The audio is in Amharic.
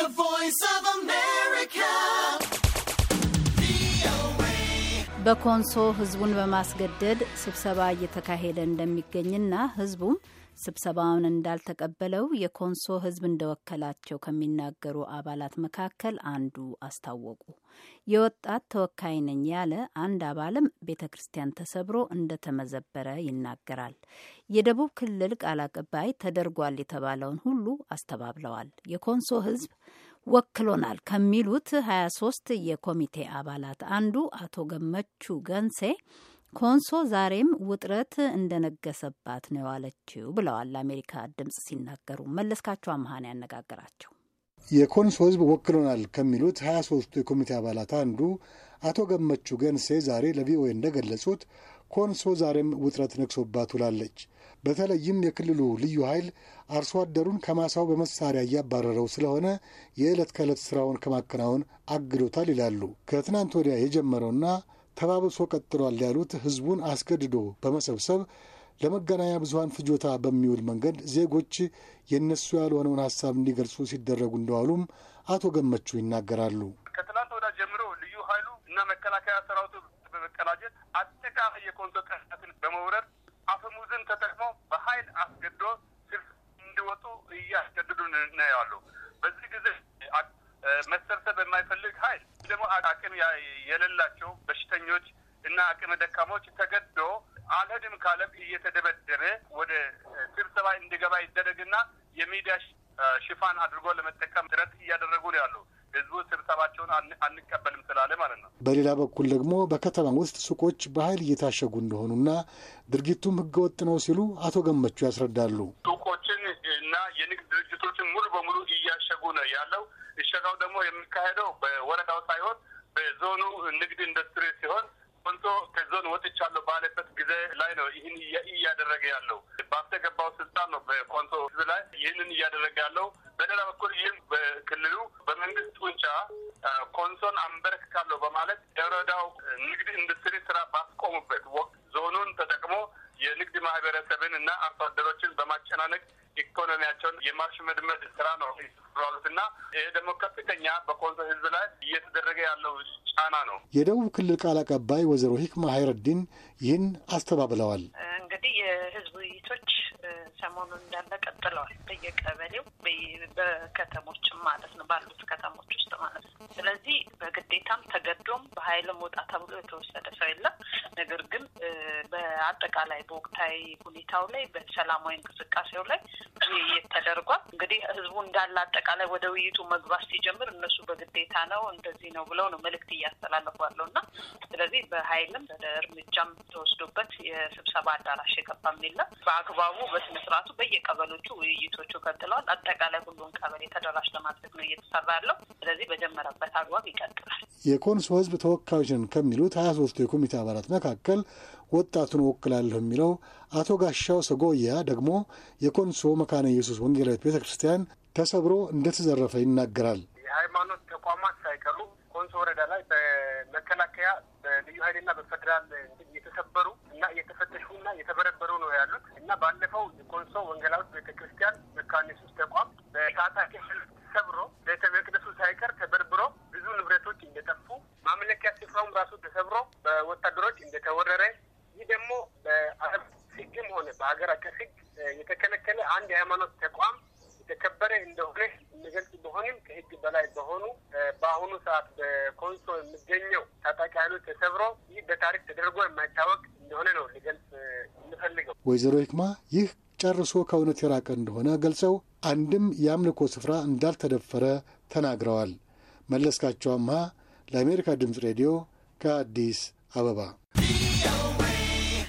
The Voice of America. በኮንሶ ህዝቡን በማስገደድ ስብሰባ እየተካሄደ እንደሚገኝና ህዝቡም ስብሰባውን እንዳልተቀበለው የኮንሶ ህዝብ እንደወከላቸው ከሚናገሩ አባላት መካከል አንዱ አስታወቁ። የወጣት ተወካይ ነኝ ያለ አንድ አባልም ቤተ ክርስቲያን ተሰብሮ እንደተመዘበረ ይናገራል። የደቡብ ክልል ቃል አቀባይ ተደርጓል የተባለውን ሁሉ አስተባብለዋል። የኮንሶ ህዝብ ወክሎናል ከሚሉት 23 የኮሚቴ አባላት አንዱ አቶ ገመቹ ገንሴ ኮንሶ ዛሬም ውጥረት እንደነገሰባት ነው የዋለችው ብለዋል ለአሜሪካ ድምጽ ሲናገሩ። መለስካቸው አመሀን ያነጋገራቸው የኮንሶ ህዝብ ወክሎናል ከሚሉት ሀያ ሶስቱ የኮሚቴ አባላት አንዱ አቶ ገመቹ ገንሴ ዛሬ ለቪኦኤ እንደገለጹት ኮንሶ ዛሬም ውጥረት ነግሶባት ውላለች። በተለይም የክልሉ ልዩ ኃይል አርሶ አደሩን ከማሳው በመሳሪያ እያባረረው ስለሆነ የዕለት ከዕለት ስራውን ከማከናወን አግዶታል ይላሉ። ከትናንት ወዲያ የጀመረውና ተባብሶ ቀጥሏል ያሉት ህዝቡን አስገድዶ በመሰብሰብ ለመገናኛ ብዙሀን ፍጆታ በሚውል መንገድ ዜጎች የነሱ ያልሆነውን ሀሳብ እንዲገልጹ ሲደረጉ እንደዋሉም አቶ ገመቹ ይናገራሉ። ከትላንት ወዳ ጀምሮ ልዩ ኃይሉ እና መከላከያ ሰራዊቱ በመቀናጀት አጠቃላይ የኮንሶ ቀናትን በመውረድ አፈሙዝን ተጠቅመው በኃይል አስገድዶ ስልፍ እንዲወጡ እያስገድዱ እናየዋሉ። በዚህ ጊዜ መሰብሰብ የማይፈልግ ኃይል ደግሞ አቅም የሌላቸው ሰራተኞች እና አቅመ ደካሞች ተገዶ አልሄድም ካለም እየተደበደበ ወደ ስብሰባ እንዲገባ ይደረግና የሚዲያ ሽፋን አድርጎ ለመጠቀም ጥረት እያደረጉ ነው ያሉ። ህዝቡ ስብሰባቸውን አንቀበልም ስላለ ማለት ነው። በሌላ በኩል ደግሞ በከተማ ውስጥ ሱቆች በኃይል እየታሸጉ እንደሆኑና ድርጊቱም ህገወጥ ነው ሲሉ አቶ ገመቹ ያስረዳሉ። ሱቆችን እና የንግድ ድርጅቶችን ሙሉ በሙሉ እያሸጉ ነው ያለው። እሸጋው ደግሞ የሚካሄደው በወረዳው ሳይሆን በዞኑ ንግድ ኢንዱስትሪ ሲሆን ኮንሶ ከዞን ወጥቻለሁ ባለበት ጊዜ ላይ ነው ይህን እያደረገ ያለው። ባስተገባው ስልጣን ነው በኮንሶ ህዝብ ላይ ይህንን እያደረገ ያለው። በሌላ በኩል ይህም በክልሉ በመንግስት ጡንቻ ኮንሶን አንበረክካለሁ በማለት የወረዳው ንግድ ኢንዱስትሪ ስራ ባስቆሙበት ወቅት ዞኑን ተጠቅሞ የንግድ ማህበረሰብን እና አርሶ አደሮችን በማጨናነቅ ኢኮኖሚያቸውን የማሽመድመድ ስራ ነው ስራሉት እና ይሄ ደግሞ ከፍተኛ በኮንሶ ህዝብ ላይ እየተደረገ ያለው ጫና ነው። የደቡብ ክልል ቃል አቀባይ ወይዘሮ ሂክማ ሀይረዲን ይህን አስተባብለዋል። እንግዲህ የህዝብ ውይይቶች ሰሞኑን እንዳለ ቀጥለዋል። በየቀበሌው በከተሞችም ማለት ነው ባሉት ከተሞች ውስጥ ማለት ነው። ስለዚህ በግዴታም ተገዶም በሀይልም ወጣ ተብሎ የተወሰደ ሰው የለም። ነገር ግን አጠቃላይ በወቅታዊ ሁኔታው ላይ በሰላማዊ እንቅስቃሴው ላይ ውይይት ተደርጓል። እንግዲህ ህዝቡ እንዳለ አጠቃላይ ወደ ውይይቱ መግባት ሲጀምር እነሱ በግዴታ ነው እንደዚህ ነው ብለው ነው መልእክት እያስተላለፉ ያለው እና ስለዚህ በሀይልም እርምጃም ተወስዶበት የስብሰባ አዳራሽ የገባም የለም። በአግባቡ በስነስርዓቱ በየቀበሎቹ ውይይቶቹ ቀጥለዋል። አጠቃላይ ሁሉን ቀበሌ ተደራሽ ለማድረግ ነው እየተሰራ ያለው። ስለዚህ በጀመረበት አግባብ ይቀጥላል። የኮንሶ ህዝብ ተወካዮችን ከሚሉት ሀያ ሶስቱ የኮሚቴ አባላት መካከል ወጣቱን ወክላለሁ የሚለው አቶ ጋሻው ሰጎያ ደግሞ የኮንሶ መካነ ኢየሱስ ወንጌላዊት ቤተ ክርስቲያን ተሰብሮ እንደተዘረፈ ይናገራል። የሃይማኖት ተቋማት ሳይቀሩ ኮንሶ ወረዳ ላይ በመከላከያ በልዩ ኃይልና በፌዴራል የተሰበሩ እና የተፈተሹና የተበረበሩ ነው ያሉት እና ባለፈው የኮንሶ ወንጌላዊት ቤተ ክርስቲያን መካነ ኢየሱስ ተቋም በታጣቂ ተሰብሮ ቤተ መቅደሱ ሳይቀር ተበርብሮ ብዙ ንብረቶች እንደጠፉ ማምለኪያ ስፍራውም ራሱ ተሰብሮ በወታደሮች እንደተወረረ ይህ ደግሞ በአረብ ህግም ሆነ በሀገር አቀፍ የተከለከለ አንድ የሃይማኖት ተቋም የተከበረ እንደሆነ የሚገልጽ ቢሆንም ከህግ በላይ በሆኑ በአሁኑ ሰዓት በኮንሶ የሚገኘው ታጣቂ ኃይሎች ተሰብሮ ይህ በታሪክ ተደርጎ የማይታወቅ እንደሆነ ነው ሊገልጽ የምፈልገው። ወይዘሮ ሂክማ ይህ ጨርሶ ከእውነት የራቀ እንደሆነ ገልጸው አንድም የአምልኮ ስፍራ እንዳልተደፈረ ተናግረዋል። መለስካቸው አምሃ ለአሜሪካ ድምፅ ሬዲዮ ከአዲስ አበባ